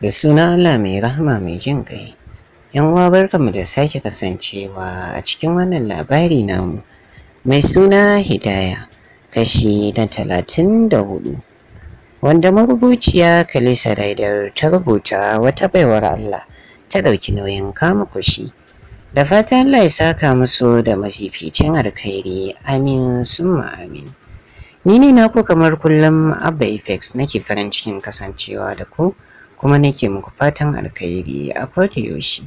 da suna Allah mai rahama mai jin kai, ‘Yan uwa barkanmu da sake kasancewa a cikin wannan labari namu mai suna Hidaya kashi na talatin da hudu wanda marubuciya Kalisa Raidar ta rubuta wata baiwar Allah ta ɗauki nauyin kama kushi. Da fatan Allah ya saka musu da mafificin alkhairi amin summa amin. Ni ne naku kamar kullum Abba Apex nake farin cikin kasancewa da ku. kuma nake muku fatan alkhairi a koda yaushe.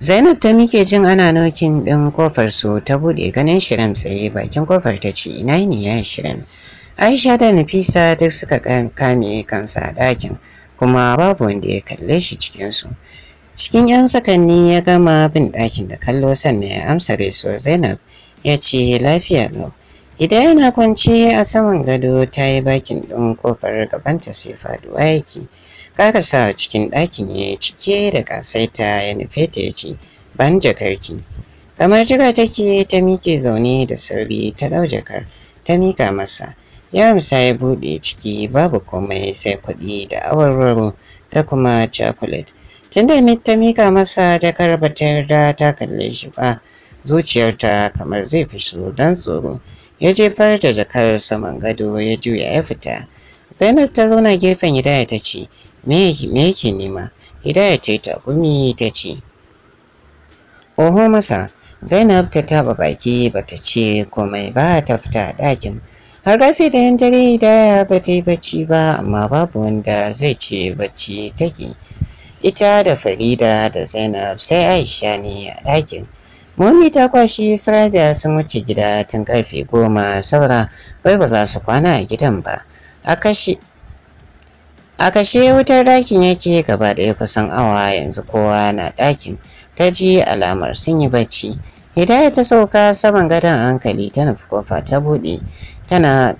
Zainab ta mike jin ana nokin ɗin kofar su ta buɗe ganin Shirin tsaye bakin kofar ta ce ina ne ya Shirin. Aisha da Nafisa duk suka kame kansa a ɗakin kuma babu wanda ya kalle shi cikinsu. cikin 'yan sakanni ya gama bin ɗakin da kallo sannan ya amsa reso zainab ya ce lafiya lau idan yana kwance a saman gado ta yi bakin ɗin kofar gabanta sai faduwa kaka sa cikin ɗakin ya cike da kasaita ya nufe ta ya ce ban jakarki kamar jira take ta miƙe zaune da sauri ta ɗau jakar ta miƙa masa ya amsa ya buɗe ciki babu komai sai kuɗi da awarwaro da kuma cakulet Tunda Amit ta mika masa jakar ba ta yarda ta kalle shi ba, zuciyarta kamar zai so don tsoro. Ya jefar da jakar saman gado ya juya ya fita. Zainab ta zauna gefen Hidaya ta ce, Me yake nema? Hidaya ta yi takumi ta ce, Oho masa, Zainab ta taba baki ta ce komai ba ta fita ɗakin. Har rafi da yan dare Hidaya ba ta yi bacci ba, amma babu wanda zai ce bacci take. ita da Farida da Zainab sai Aisha ne a ɗakin. Momi ta kwashi Sarabiya sun wuce gida tun karfe goma saura bai ba za su kwana a gidan ba. A kashe wutar ɗakin yake gaba ɗaya kusan awa yanzu kowa na ɗakin ta ji alamar sun yi bacci. Hidaya ta sauka saman gadon hankali ta nufi kofa ta buɗe tana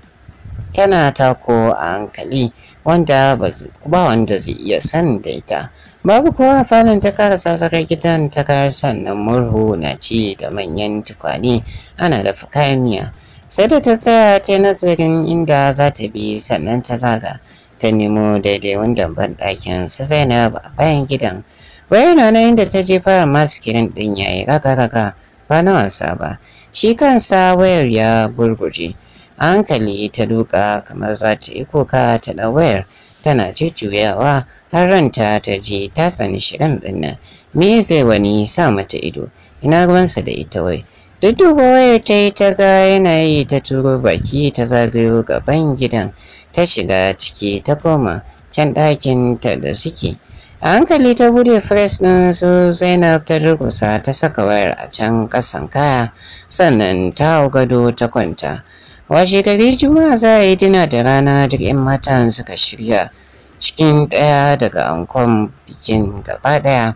tana tako a hankali wanda ba wanda zai iya sanda ita. Babu kowa falon ta kara sasarar gidan ta kara sannan murhu na ci da manyan tukwane ana da miya. Sai da ta tsaya ta nazarin inda za ta bi sannan ta zaga ta nemo daidai wanda ban ɗakin su Zainab a bayan gidan. Wayar na nan inda ta je fara masu maskirin ɗin yayi raga-raga ba na wasa ba. Shi sa wayar ya gurguje. A hankali ta duka kamar za ta yi kuka ta ɗauwayar. wayar. tana jujjuyawa har ranta ta je ta tsani shirin dinnan me zai wani sa mata ido ina ruwansa da ita wai duk da wayar ta yi ta ga yana yi ta turo baki ta zagayo gaban gidan ta shiga ciki ta koma can ɗakin ta da suke a hankali ta bude fres ɗin su zainab ta durkusa ta saka wayar a can ƙasan kaya sannan ta gado ta kwanta washe gari juma'a za a yi dina da rana duk 'yan matan suka shirya cikin ɗaya daga ankon bikin gaba ɗaya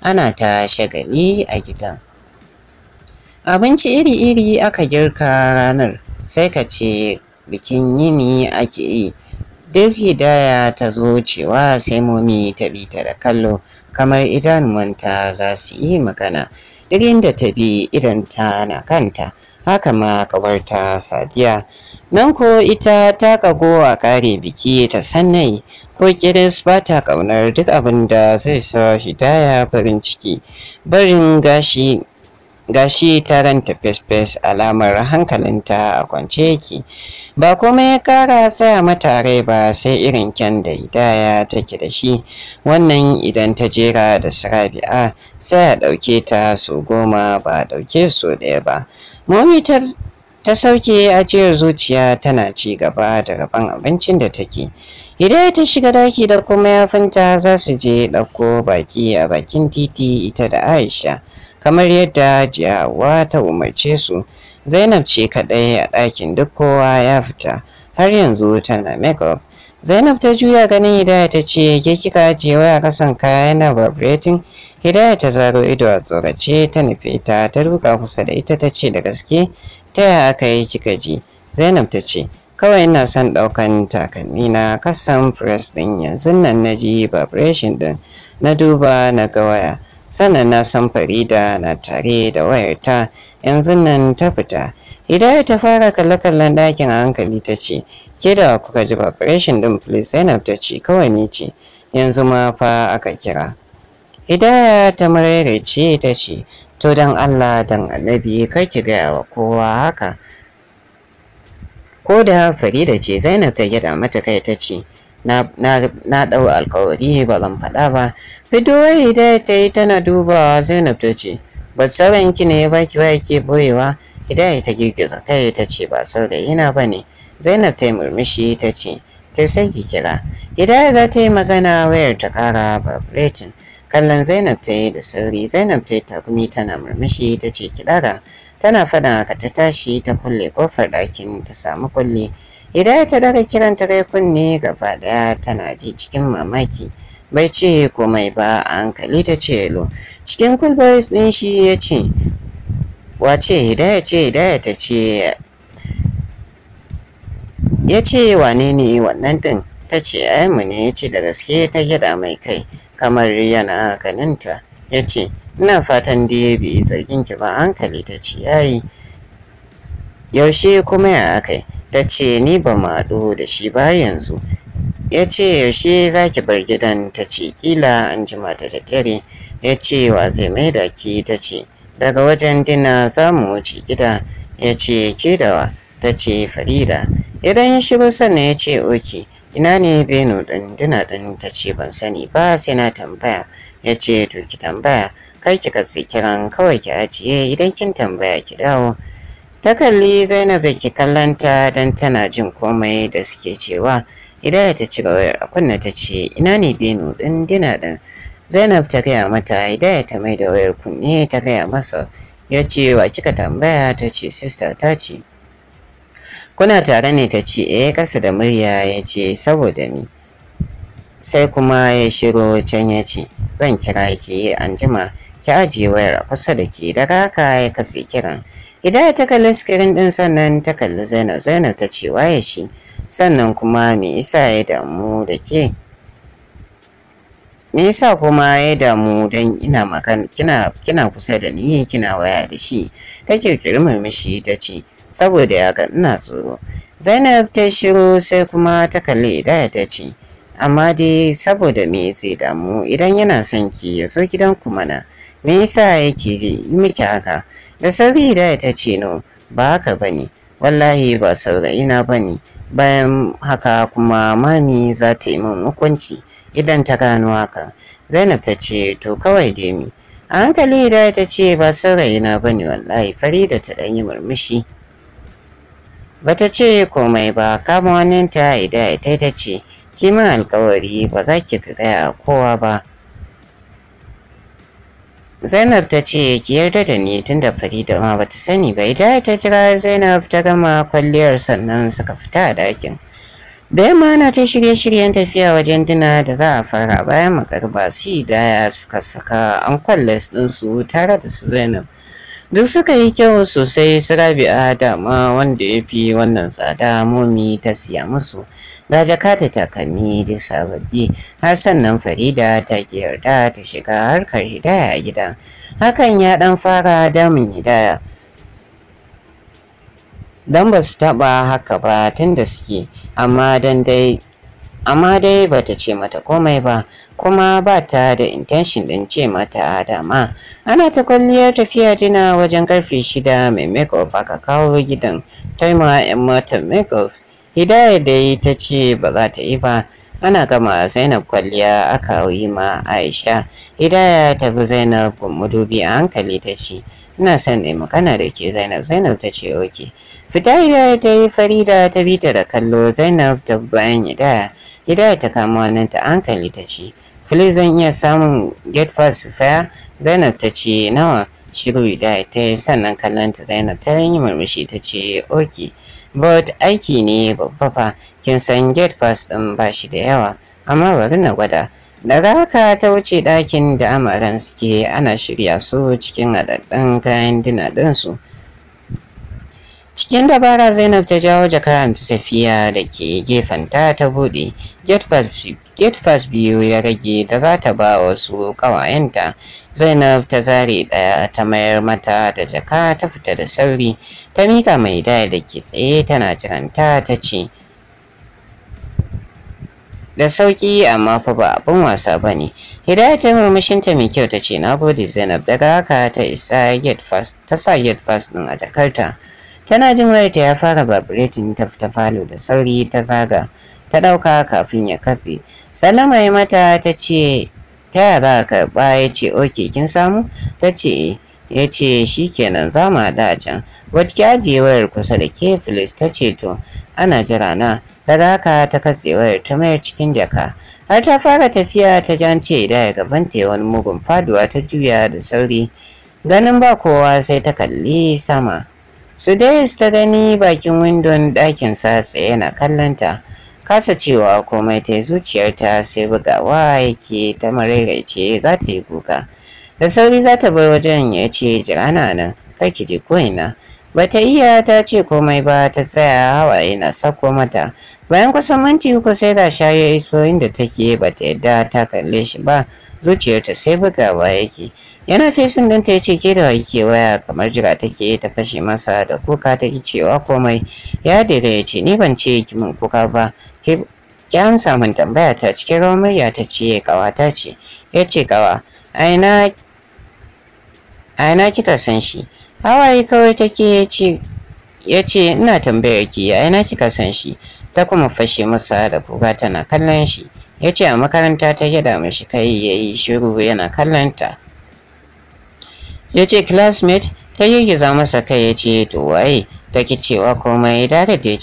ana ta shagali a gidan abinci iri-iri aka girka ranar sai ka ce bikin yini ake yi duk hidaya ta zo cewa sai momi ta bi ta da kallo kamar idan manta za su yi magana duk inda ta bi idanta na kanta haka ma ta sadiya nan ko ita ta kago a kare biki ta sannai ko kiris ba ta kaunar duk abin da zai sa hidaya farin ciki barin gashi gashi ta ranta fes-fes alamar hankalinta a kwance yake ba kuma ya kara tsaya mata rai ba sai irin kyan da hidaya take da shi wannan idan ta jera da sarabi'a sai a ɗauke ta su goma ba a ɗauke su ɗaya ba Momitar ta sauke a ajiyar zuciya tana ci gaba da rabon abincin da take. Idan ta shiga daki da kuma yafinta za su je ɗauko baƙi a bakin titi ita da Aisha, kamar yadda Jiyawa ta umarce su. Zainab ce kaɗai a ɗakin duk kowa ya fita, har yanzu tana makeup Zainab ta juya ganin Hidaya ta ce ke kika ajiye waya kasan kaya yana vibrating Hidaya ta zaro ido a tsorace ta nufi ta ta ruka kusa da ita ta ce da gaske ta yaya aka yi kika ji Zainab ta ce kawai ina son ɗaukan takalmi na kasan press din yanzu nan na ji vibration din. na duba na ga waya sannan na san Farida na tare da ta yanzu nan ta fita Hidaya ta fara kalle-kallen ɗakin hankali ta ce Keda da kuka ji vibration din please Zainab ta ce kawai ni ce yanzu ma fa aka kira Hidaya ta ce ta ce to dan Allah dan Annabi kar ki gaya wa kowa haka ko da Farida ce Zainab ta gida mata kai ta ce na ɗau alkawari ba zan faɗa ba fitowar Hidaya ta yi tana dubawa Zainab ta ce ba tsaron ki ne ba ki wa ke boyewa Hidaya ta girgiza kai ta ce ba saurayi na ba ne. Zainab ta yi murmushi ta ce, ta sai kira. Hidaya za ta yi magana wayar ta kara vibrating. Kallon Zainab ta yi da sauri, Zainab ta yi takumi tana murmushi ta ce kiɗara. Tana faɗa haka ta tashi ta kulle ƙofar ɗakin ta samu kulle. Hidaya ta daga kiran ta kai kunne gaba ɗaya tana ji cikin mamaki. bai ce komai ba a hankali ta ce lo cikin kulbaris ɗin shi ya ce wace hidaya ce hidaya ta ce ya ce wane ne wannan din? ta ce ayyanmu ne ya ce da gaske ta gida mai kai kamar yana ganinta. ya ce ina fatan da ya bi zargin ki ba hankali ta ce yayi yaushe kuma ya akai ta ce ni ba mu haɗu da shi ba yanzu ya ce yaushe za ki bar gidan ta ce kila an mata ta dare ya ce wa zai mai da ki ta ce daga wajen dina za mu wuce gida ya ce ke dawa ta ce farida idan ya shiru na ya ce oke ina ne beno din dina din ta ce ban sani ba sai na tambaya ya ce to ki tambaya kar ki katse kiran kawai ki ajiye idan kin tambaya ki dawo ta kalli zainab da ke kallanta don tana jin komai da suke cewa idan ta ci wayar a kunna ta ce ina ne beno din dina din. zainab ta gaya mata idan ta mai da wayar kunne ta gaya masa ya ce wa kika tambaya ta ce sista ta ce kuna tare ne ta ce eh kasa da murya ya ce saboda mi sai kuma ya shiro can ya ce zan kira ki anjima ki ajiye wayar a kusa da ke daga raka ya kasa kiran Hidaya ta kalli sikirin ɗin sannan ta kalli Zainab. Zainab ta ce waye shi sannan kuma me yasa ya damu da ke? Me yasa kuma ya damu don ina makan kina kusa da ni kina waya da shi? Ta kirkiri murmushi ta ce saboda ga ina tsoro zainab ta shiru sai kuma ta kalli idaya ta ce amma dai saboda me zai damu idan yana son ki ya zo gidanku mana me yasa yake yi miki haka da sauri da ta ce no ba haka ba ne? wallahi ba saurayina ne, bayan haka kuma mami za ta yi min hukunci idan ta gano haka zainab ta ce to kawai dai mi a hankali da ta ce ba saurayina ne, wallahi farida ta ɗan yi murmushi Bata ce komai ba, kama waninta ida ita ta ce, kima alkawari ba za ki gaya kowa ba. Zainab ta ce ki yarda da ni tunda Farida ma bata sani ba idan ta jira Zainab ta gama kwalliyar sannan suka fita a dakin. Da yamma na ta shirye-shiryen tafiya wajen dina da za a fara bayan magarba su daya suka saka an ɗin ɗinsu tare da su Zainab. duk suka yi kyau sosai su rabi'a dama wanda ya fi wannan tsada momi ta siya musu ga jaka ta takalmi da sababbi har sannan farida ta ki yarda ta shiga harkar hidaya a gidan hakan ya dan fara damun hidaya don ba su taba haka ba tun da suke amma don dai amma dai bata ce mata komai ba kuma ba ta da intention din ce mata dama ana ta kwalliyar tafiya jina wajen karfe shida mai makeup aka kawo gidan taimawa yan matan makeup hidaya dai ta ce ba za ta yi ba ana gama zainab kwalliya aka yi ma aisha hidaya ta bi zainab madubi a hankali ta ce ina son ne magana da ke Zainab Zainab ta ce oke fita Hidaya ta yi Farida ta bi ta da kallo Zainab ta bayan Hidaya Hidaya ta kama wannan ta hankali ta ce Filin zan iya samun get fast fare Zainab ta ce nawa shiru ya ta yi sannan kallon ta Zainab ta yi murmushi ta ce oke but aiki ne babba fa kin san get pass din ba shi da yawa amma bari na gwada daga haka ta wuce ɗakin da amaran suke ana shirya su cikin haɗaɗɗen kayan dina ɗinsu cikin dabara zainab ta jawo jakaran ta safiya da ke gefenta ta buɗe gate pass biyu ya rage da za ta ba wasu ƙawayenta zainab ta zare ɗaya ta mayar mata da jaka ta fita da sauri ta mika mai da ke tsaye tana jiranta ta ce da sauki amma fa ba abin wasa ba ne murmushin ta murmushinta mai kyau ta ce na gode zainab daga haka ta isa yet fast ta sa yet fast din a jakarta tana jin ta ya fara vibrating ta fita falo da sauri ta zaga ta ɗauka kafin ya katse salama ya mata ta ce ta yara karɓa ya ce oke kin samu ta ce eh. ya ce shi kenan za mu haɗu a can wacce ajiye wayar kusa da ke filis ta ce to ana jira na daga haka ta katse wayar ta mayar cikin jaka har ta fara tafiya ta jance da ya gaban ta wani mugun faduwa ta juya da sauri ganin ba kowa sai ta kalli sama su ta gani bakin windon ɗakin sa tsaye na kallonta kasa cewa komai ta zuciyarta sai bugawa yake ta maraice za ta yi kuka da sauri za ta bar wajen ya ce jira na nan kar ki je ko'ina bata iya ta ce komai ba ta tsaya hawaye na sako mata bayan kusan minti uku sai ga shayo iso inda take bata yadda ta kalle shi ba zuciyarta sai bugawa yake yana fesin din ta ce ke da wake waya kamar jira take ta fashe masa da kuka ta ki cewa komai ya daga ya ce ni ban ce ki min kuka ba ki samun tambaya ta cikin rawar murya ta ce kawa ta ce ya ce kawa aina a ina kika san shi hawaye kawai take ya ce ina tambayar ki a ina kika san shi ta kuma fashe masa da buga tana kallon shi yace a makaranta ta mai mashi kai yayi shiru yana kallon ta ya classmate ta girgiza masa kai yace ce to waye ta cewa komai da da ce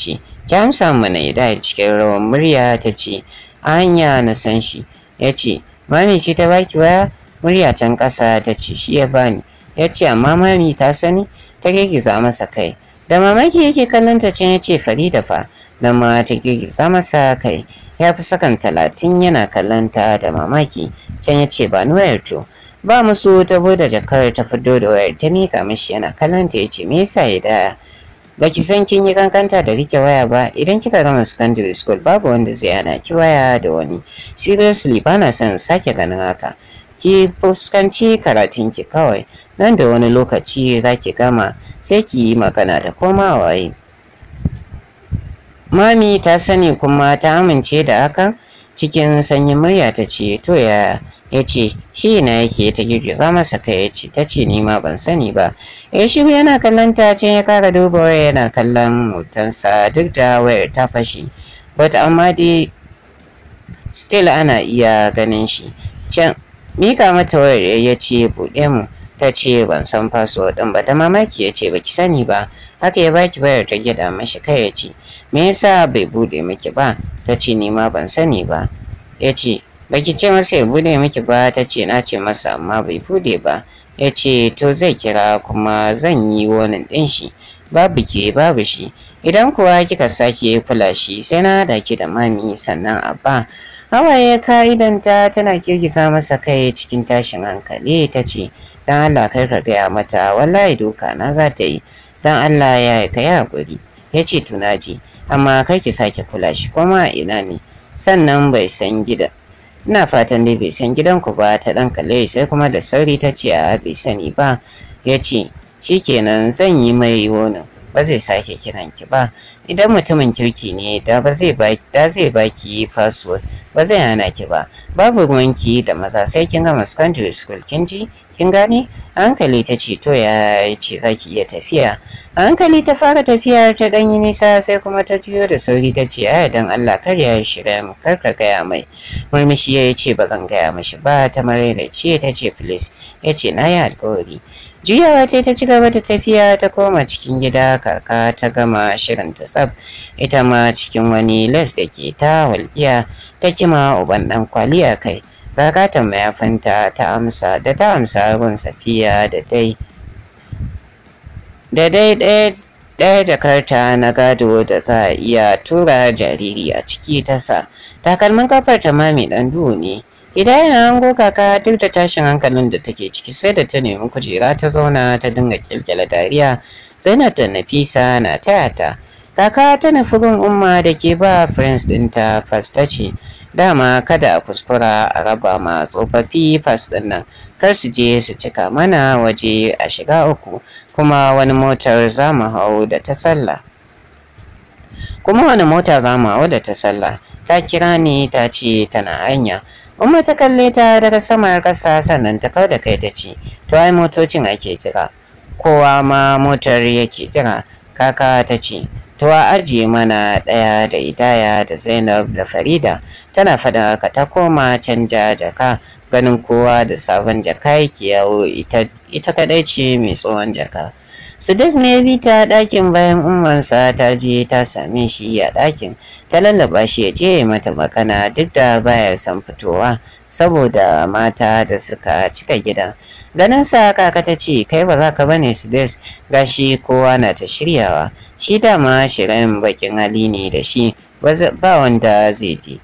ki amsa mana idan cikin rawan murya ta ce anya na san shi yace ce mami ce ta baki waya murya can ƙasa ta ce shi ya bani ya ce amma mami ta sani ta girgiza masa kai da mamaki yake kallon ta can ya ce farida fa da ma ta girgiza masa kai ya fi sakan talatin yana kallon ta da mamaki can ya ce ba ni wayar to ba musu ta bude jakar ta fito da wayar ta mika mishi yana kallon ta ya ce me yasa ya daya ba ki san kin yi kankanta da rike waya ba idan kika gama secondary school babu wanda zai hana ki waya da wani seriously ba na son sake ganin haka ki fuskanci karatun ki kawai nan da wani lokaci za ki gama sai ki yi magana da koma waye mami ta sani kuma ta amince da hakan cikin sanyin murya ta ce to ya ya ce shi na yake ta girgiza masa kai ya ce ta ce ni ban sani ba ya shi yana kallon ta ce ya kara duba waya yana kallon sa, duk da wayar ta fashe? but amma dai still ana iya ganin shi can mika mata wayar ya ce buɗe mu ta ce ban san password ɗin ba ta mamaki ya ce baki sani ba haka ya baki bayar ta gida mashi kai ya ce me yasa bai buɗe miki ba ta ce ni ma ban sani ba ya ce baki ce masa ya buɗe miki ba ta ce na ce masa amma bai buɗe ba ya ce to zai kira kuma zan yi wani ɗin shi babu ke babu shi idan kuwa kika sake kula shi sai na haɗa ki da mami sannan abba hawaye ka'idanta tana girgiza masa kai cikin tashin hankali ta ce don allah kar ka gaya mata wallahi doka na za ta yi don allah ya ka yi ya ce tunaji amma kar ki sake kula shi kuma ina ne sannan bai san gidan ina fatan dai bai san gidanku ba ta dan kalle sai kuma da sauri ta ce a bai sani ba ya ce shikenan zan yi mai wonin ba zai sake kiran ki ba idan mutumin kirki ne da zai baki da zai password ba zai hana ki ba babu ruwanki da maza sai kin gama secondary school kin ji kin gane a hankali ta ce to ya ce za ki iya tafiya a hankali ta fara tafiyar ta ɗan nisa sai kuma ta juyo da sauri ta ce ai dan Allah kar ya shiga mu kar ka gaya mai murmushi ya ce ba zan gaya mashi ba ta maraina ce ta ce please ya ce na yi alƙawari Juyawa ce ta ci gaba da tafiya ta koma cikin gida kaka ta gama shirin ta tsab ita ma cikin wani les da ke ta walƙiya ta kima uban ɗan kwaliya kai. Kaka mayafinta ta amsa da ta amsa gun safiya da dai da dai ɗaya jakarta na gado da za a iya tura jariri a ciki ta sa takalmin kafar ta mami ɗan duhu ne idan yana hango kaka duk da tashin hankalin da take ciki sai da ta nemi kujera ta zauna ta dinga kyalkyala dariya zainab da nafisa na taya ta kaka ta nufi gun umma da ke ba prince ɗinta fas ta ce dama kada a kuskura a raba ma tsofaffi fas ɗin nan kar su je su cika mana waje a shiga uku kuma wani motar za mu hau da ta sallah kuma wani mota za mu hau da ta sallah ta kira ni ta ce tana hanya Umma ta kalle ta daga samar kasa sannan ta kawo da kai ta ce, to ai motocin ake jira, kowa ma motar yake jira, kaka ta ce, to a ajiye mana ɗaya da idaya da Zainab da Farida, tana faɗa ka ta koma canja jaka ganin kowa da sabon jaka yake yawo ita kaɗai ce mai tsohon jaka. Sudais ne ya bi ta ɗakin bayan umarsa ta je ta same shi a ɗakin ta lallaba shi ya je mata makana duk da baya san fitowa saboda mata da suka cika gidan. sa kaka ta ce kai ba za ka bane Sudais gashi kowa na ta shiryawa shi dama shirin bakin hali ne da shi ba wanda zai ji.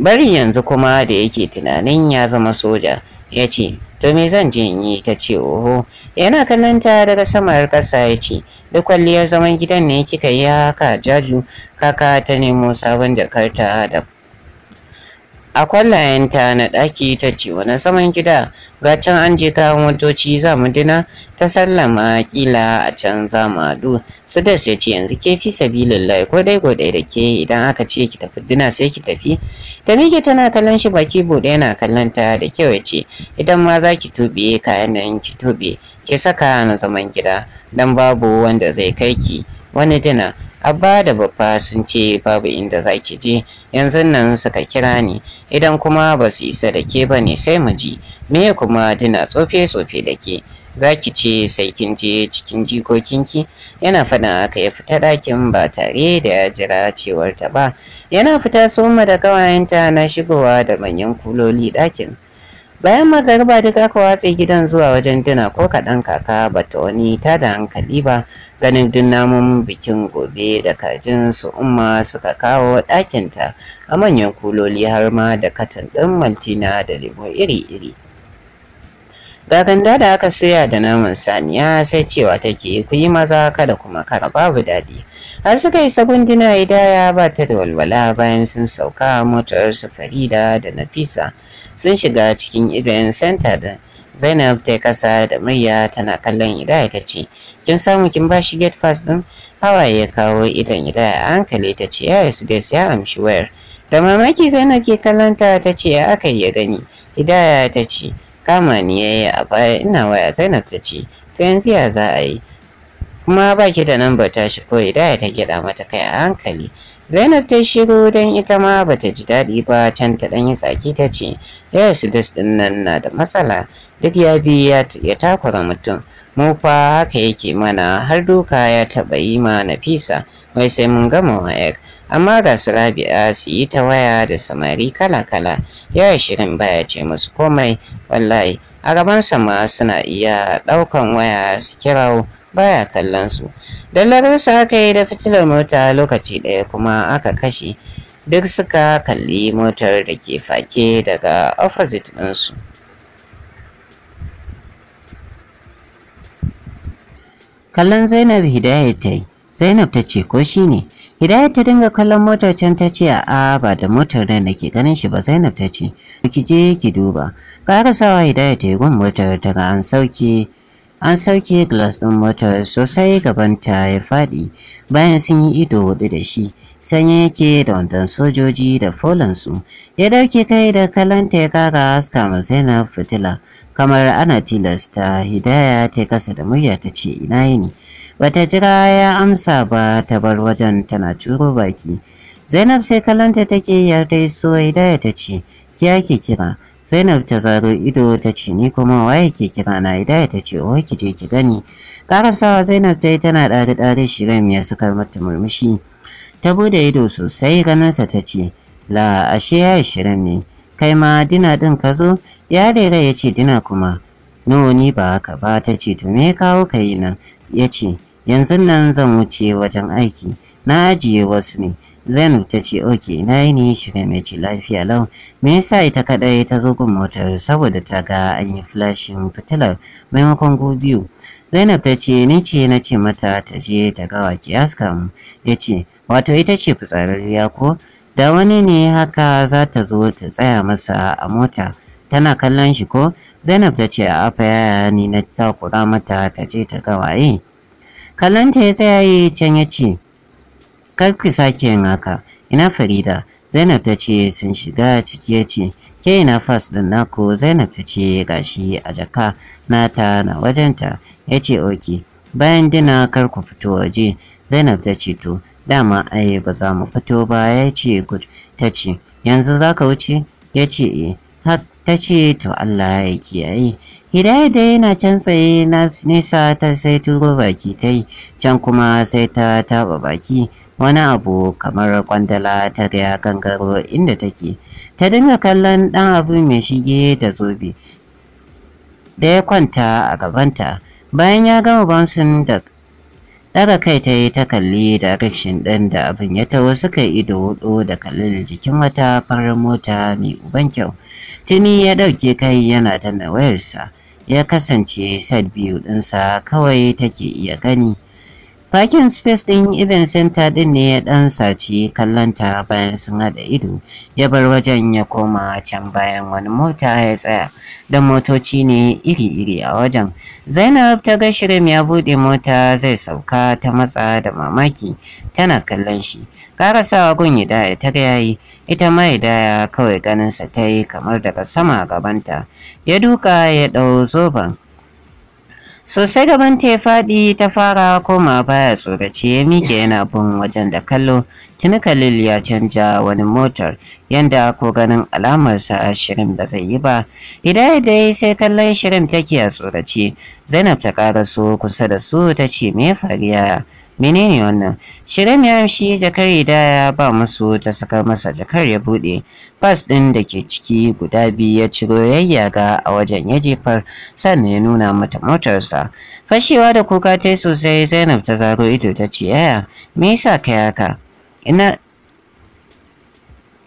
Bari yanzu kuma da yake tunanin ya zama soja ya ce to me zan je in yi ta ce oho yana kallon ta daga samar kasa ya ce duk kwalliyar zaman gidan ne kika yi haka jaju kaka ta nemo sabon jakarta da a kwallayenta na ɗaki ta ce wani saman gida ga can an je kawo motoci za mu dina ta sallama kila a can za mu haɗu su ya ce yanzu ke fi sabilillahi ko dai godai da ke idan aka ce ki tafi dina sai ki tafi ta miƙe tana kallon shi baki buɗe yana kallon ta da kyau ya ce idan ma za ki tuɓe kayan nan ki tuɓe ki saka na zaman gida dan babu wanda zai kai ki wani dina abba da babba sun ce babu inda zaki je yanzu nan suka kira ni idan kuma ba su isa da ke ba ne sai mu ji me kuma tuna tsofe-tsofe da ke za ce sai kin je cikin jikokinki yana faɗin aka ya fita ɗakin ba tare da ya jira ta ba yana fita soma da gawayenta na shigowa da manyan kuloli ɗakin. bayan magariba duk aka watse gidan zuwa wajen dina ko kaɗan kaka ba ta wani ta da hankali ba ganin duk namun bikin gobe da kajin su umma suka kawo ɗakinta a manyan kuloli har ma da katon ɗin maltina da lemo iri-iri Gaganda da aka soya da naman saniya sai cewa take ku yi maza kada kuma kara babu daɗi. Har suka yi isa gundina hidaya ba ta da walwala bayan sun sauka motar su Farida da Nafisa sun shiga cikin event center da Zainab ta kasa da murya tana kallon hidaya ta ce kin samu kin ba shi gate pass din hawaye ya kawo idan hidaya a hankali ta ce ya su ya amshi wayar. Da mamaki Zainab ke kallon ta ce ya aka yi gani hidaya ta ce kama ni ya a baya ina waya zainab ta ce to yanzu ya za a yi kuma ba ki da ta shi ko hidaya ta gyaɗa mata kai a hankali zainab ta shiru don ita ma bata ji daɗi ba can ta ɗan yi tsaki ta ce yaya su da nan na da matsala duk ya bi ya takura mutum mu fa haka yake mana har duka ya taɓa yi ma nafisa wai sai mun gama wayar amma ga su Rabi'a su yi ta waya da samari kala-kala ya shirin baya ce masu komai wallahi a gaban sama suna iya ɗaukan waya su kirau baya kallon su dallarinsa aka yi da fitilar mota lokaci ɗaya kuma aka kashe duk suka kalli motar da ke fake daga opposite ɗinsu. kallon zainab hidayat ta yi Zainab ta ce ko shi ne. Hidayat ta dinga kallon motar can ta ce a ba da motar nan da ke ganin shi ba Zainab ta ce ki je ki duba. sawa Hidayat ta yi gun motar daga an sauke an sauke glass din motar sosai gabanta ya faɗi bayan sun yi ido hudu da shi. sanye yake da wandan sojoji da folansu ya dauke kai da kalanta ya kara haska ma zainab fitila kamar ana tilasta hidaya ta kasa da murya ta ce ina yini Bata jira ya amsa ba ta bar wajen tana turo baki. Zainab sai kallonta take yarda so ya ta ce, "Ki ke kira. Zainab ta zaro ido ta ce ni kuma waye ke kira na idaya ta ce oh ki je ki gani. Karasawa Zainab ta yi tana ɗari ɗari shirin ya suka mata murmushi. Ta bude ido sosai ganinsa ta ce la ashe ya shirin ne. Kai ma dina ɗin ka zo? Ya rera ya ce dina kuma. No ni ba haka ba ta ce to me kawo ka nan? Ya ce yanzu nan zan wuce wajen aiki na ajiye wasu ne Zainab ta ce oke na yi ni shiga mai ce lafiya lau me yasa ita kadai ta zo gun motar saboda ta ga an yi flashin fitilar maimakon go biyu Zainab ta ce ni ce na ce mata ta je ta ga waki askam ya ce wato ita ce fitsararriya ko da wani ne haka za ta zo ta tsaya masa a mota tana kallon shi ko Zainab ta ce a fa yaya ni na takura mata ta je ta ga waye Kallonta ya tsaya yi can ya ce, Kar ki sake yin haka, ina Farida, Zainab ta ce sun shiga ciki ya ce, Ke ina fas ɗin naku Zainab ta ce shi a jaka nata na wajenta ya ce oke. Bayan dina kar ku fito waje, Zainab ta ce to, dama ai ba za mu fito ba ya ce gud ta ce, Yanzu za ka wuce? Ya ce e, ta ce to Allah ya kiyaye. Hidaya dai yana can tsaye na nesa ta sai turo baki ta yi, can kuma sai ta taɓa baki wani abu kamar kwandala ta gaya gangaro inda take. Ta dinga kallon ɗan abu mai shige da zobe da ya kwanta a gabanta. Bayan ya gama bansun da daga kai ta yi ta kalli da rashin ɗan da abin ya taho suka ido hudu da kallon jikin wata farar mota mai uban kyau tuni ya ɗauke kai yana ta wayarsa ya kasance sad biyu ɗinsa kawai take iya gani Fakin space din Event Center ɗin ne ya ɗan saci kallonta bayan sun haɗa ido, ya bar wajen ya koma can bayan wani mota ya tsaya, don motoci ne iri-iri a wajen. Zainab ta ga Shirim ya buɗe mota zai sauka ta matsa da mamaki, tana kallon shi. Karasawa gun Hidaya ta ga yayi, ita ma Hidaya kawai ganinsa ta yi kamar daga sama gabanta, ya duka ya ɗau zoben. sosai gaban ta ya faɗi ta fara koma baya tsorace ya mike yana bin wajen da kallo tuni khalil ya canja wani motar yanda ko ganin alamarsa a shirin ba zai yi ba hidaya dai sai kallon shirin take a tsorace zainab ta ƙara so kusa da su ta ce me fariya menene wannan shirin ya shi jakar ya ba musu ta sakar masa jakar ya bude. bas ɗin da ke ciki guda biyu ya ciro yayyaga a wajen ya jefar sannan ya nuna mata motarsa fashewa da kuka ta sosai zainab ta zaro ido ta ce yaya me yasa ka haka ina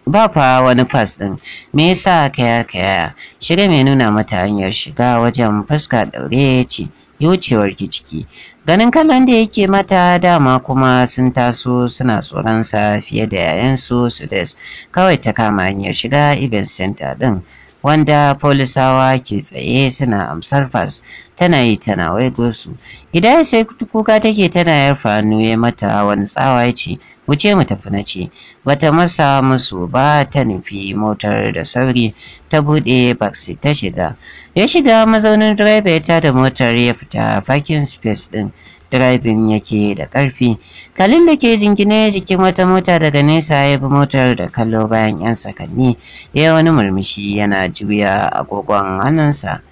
ba fa wani fas ɗin me yasa ka haka yaya shirin ya nuna mata hanyar shiga wajen fuska daure ya ce yocewar ki ciki Ganin kallon da yake mata dama kuma sun taso suna tsoron sa fiye da yayansu su da kawai ta kama ya shiga event center din. wanda polisawa ke tsaye suna amsar fas tana yi tana waigo su. Hidaya sai kuka take tana yarfa hannu ya mata wani tsawa ce. wuce mu tafi na ce bata masa musu ba ta nufi motar da sauri ta buɗe baksi ta shiga ya shiga mazaunin driver ta da motar ya fita parking space ɗin direbin yake da ƙarfi kalin da ke jingine jikin wata mota daga nesa ya bi motar da kallo bayan 'yan sakanni ya wani murmushi yana juya agogon hannunsa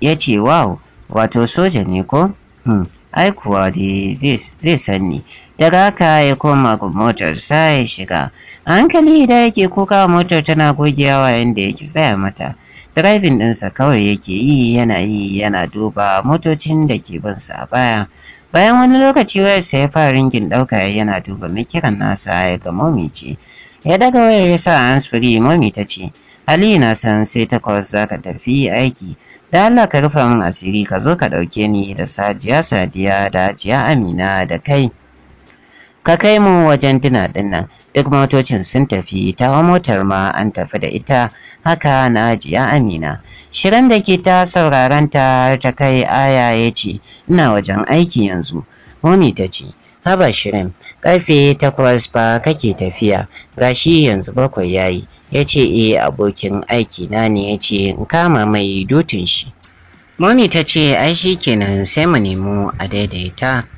ya ce wow wato soja ne ko hmm. aikuwa zai sani daga haka ya koma motarsa ya shiga hankali da yake kuka motar tana gogewa inda yake tsaya mata direbin ɗinsa kawai yake yi yana yi yana duba motocin da ke binsa a baya bayan wani lokaci wayarsa ya fara ringin ɗauka yana duba kiran nasa ya ga momi ce ya daga wayar ya sa hansfiri momi ta ce ali na san sai takwas za ka tafi aiki da Allah ka rufa min asiri ka zo ka ɗauke ni da sajiya sadiya da jiya amina da kai ka kai mu wajen dina ɗin nan duk motocin sun tafi ta motar ma an tafi da ita haka na ajiya amina shirin da ke ta sauraron ta ta kai aya ya ce ina wajen aiki yanzu momi ta ce haba shirin karfe takwas ba kake tafiya gashi yanzu bakwai yayi ya ce e abokin aiki na ne ya ce in kama mai dutin shi momi ta ce ai shi kenan sai mu nemo a daidaita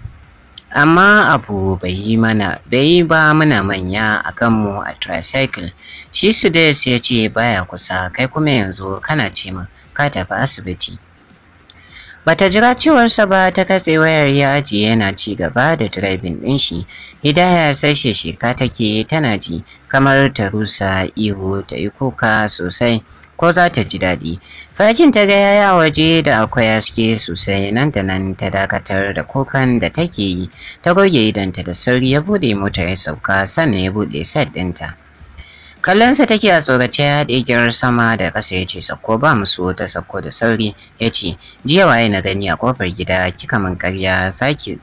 amma abu bai yi mana bai ba muna manya a kanmu a tricycle shi su da ya ce baya kusa kai kuma yanzu kana ce min ka tafi asibiti bata jira ciwonsa ba ta katse wayar ya ajiye yana ci gaba da direbin din shi hidaya sai sheka take tana ji kamar ta rusa ihu ta yi kuka sosai ko za ta ji daɗi. Fakin ta ga yaya waje da akwai haske sosai nan da nan ta dakatar da kukan da take yi, ta goge idanta da sauri ya buɗe mota ya sauka sannan ya buɗe set ɗinta. Kallonsa take a tsorace ya haɗe girar sama da ƙasa ya ce sakko ba musu ta sakko da sauri ya ce jiya waye na gani a kofar gida kika min ƙarya zaki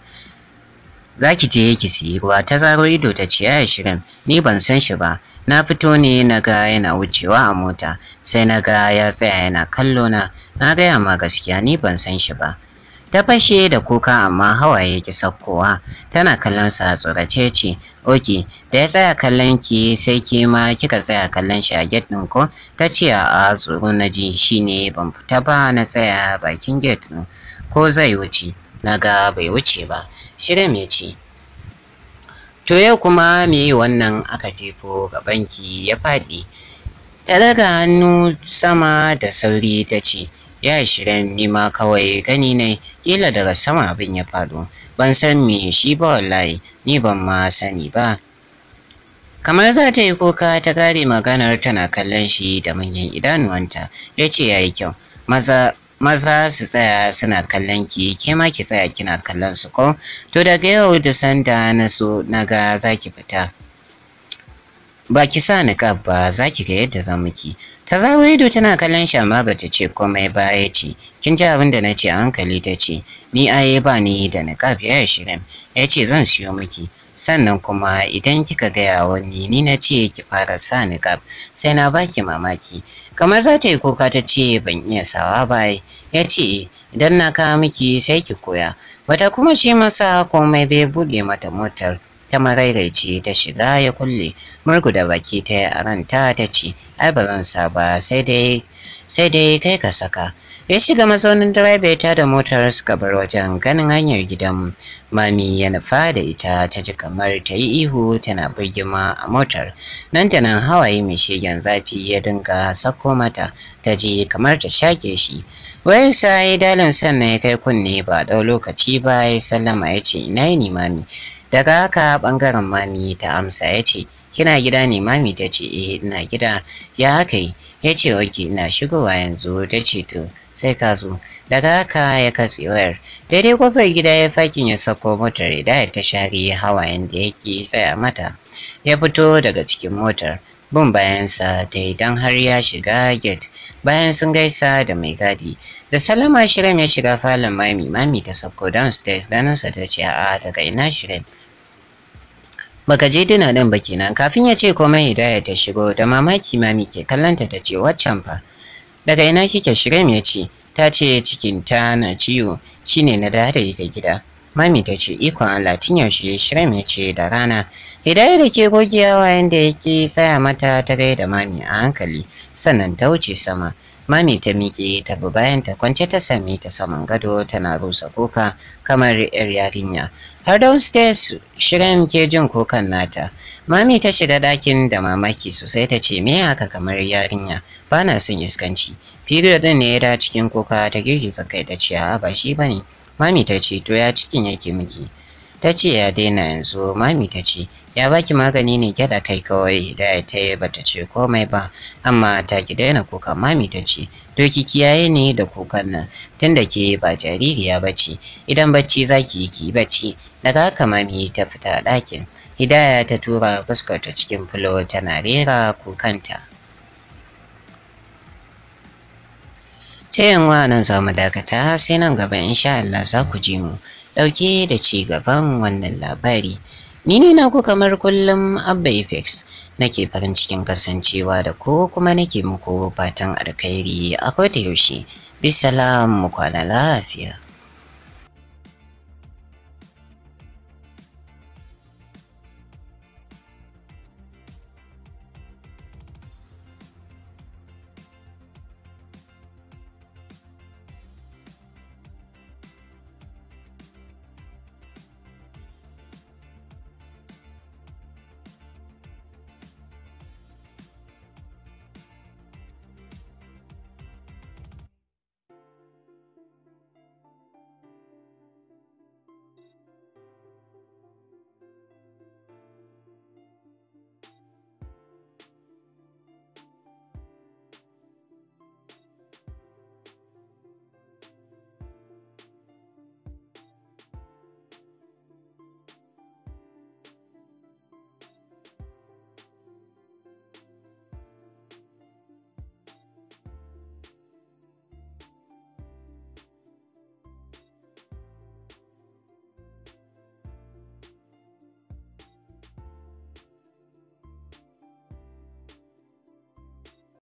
za ki je ki siyi ruwa ta zaro ido ta ce ya shirin ni ban san shi ba na fito ne na ga yana wucewa a mota sai na ga ya tsaya yana kallo na na gaya ma gaskiya ni ban san shi ba ta fashe da kuka amma hawaye ki sakkowa tana kallon sa tsorace ce oke da ya tsaya kallon ki sai ki ma kika tsaya kallon shi a get ɗin ko ta ce a tsoro na ji shi ne ban fita ba na tsaya bakin gate ko zai wuce na ga bai wuce ba shirin ya ce to yau kuma me wannan aka jefo banki ya faɗi ta daga hannu sama da sauri ta ce ya shirin nima kawai gani ne kila daga sama abin ya faɗo ban san me shi ba wallahi ni ban ma sani ba kamar za ta yi kuka ta gare maganar tana kallon shi da manyan idanuwanta ya ce ya yi kyau maza maza su tsaya suna kallon ki ke ma ki tsaya kina kallon su ko to daga yau da sanda na so naga zaki fita ba ki sa niqab ba zaki ga yadda za muki ta zawo ido tana kallon shi amma bata ce komai ba ya ce kin ji abin da ce a hankali ta ce ni aye ba ni da niqab ya shirin ya ce zan siyo miki sannan kuma idan kika gaya wani ni na ce ki fara sa niqab sai na baki mamaki kamar za ta yi kuka ta ce ban iya sawa ba ya ce idan na kawo miki sai ki koya bata kuma shi masa komai bai buɗe mata motar ta marairaice ta shiga ya kulle murgu da baki ta yi a ranta ta ce ai ba zan sa ba sai dai kai ka saka ya shiga mazaunin driver ya tada motar suka bar wajen ganin hanyar gidan mami ya nufa da ita ta ji kamar ta yi ihu tana birgima a motar nan da nan hawaye mai shigen zafi ya dinga sako mata ta ji kamar ta shake shi sa ya dalin sannan ya kai kunne ba dau lokaci ba ya sallama ya ce ina yi mami daga haka ɓangaren mami ta amsa ya ce kina gida ne mami ta ce eh, ina gida ya haka yi ya ce oke ina shigowa yanzu ta ce to sai ka zo daga haka ya katse wayar daidai kofar gida ya fakin ya sako motar ya ya ta share hawayen da yake tsaya mata ya fito daga cikin motar bin bayansa ta idan har ya shiga get, bayan sun gaisa da mai gadi da salama shirin ya shiga falon mami mami ta sako downstairs sa ta ce a'a daga ina shirin baka je dina din ba kenan kafin ya ce komai hidaya ta shigo da mamaki mami ke kallanta ta ce waccan fa daga ina kike shirem ya ce ta ce cikin ta na ciwo shine na da ita gida mami ta ce ikon Allah tun yaushe shirem ya ce da rana hidaya da ke gogiyawa yanda yake tsaya mata ta gaida mami a hankali sannan ta wuce sama Mami ta miƙe ta bi bayan ta kwance ta sami ta saman gado tana rusa kuka kamar yar yarinya. Har downstairs shirin ke jin kukan nata. Mami ta shiga ɗakin da mamaki sosai ta ce me haka kamar yarinya ba na son iskanci. Period ɗin ne ya cikin kuka ta girgiza kai ta ce a'a ba shi bane. Mami ta ce to ya cikin yake miki. ta ce ya daina yanzu mami ta ce ya baki magani ne gyada kai kawai da ta yi bata ce komai ba amma ta ki daina kuka mami ta ce to kiyaye ne da kukan nan tunda ke ba jaririya ba bace idan bacci ki yi ki bacci daga haka mami ta fita ɗakin hidaya ta tura fuskar ta cikin fulo tana rera kukanta ta wa nan za mu dakata sai nan gaba insha Allah za ku ji mu Dauke da ci gaban wannan labari. Ni ne naku kamar kullum Abba Apex nake farin cikin kasancewa da ko kuma nake muku fatan alkhairi a koda yaushe. Bisalam kwana lafiya.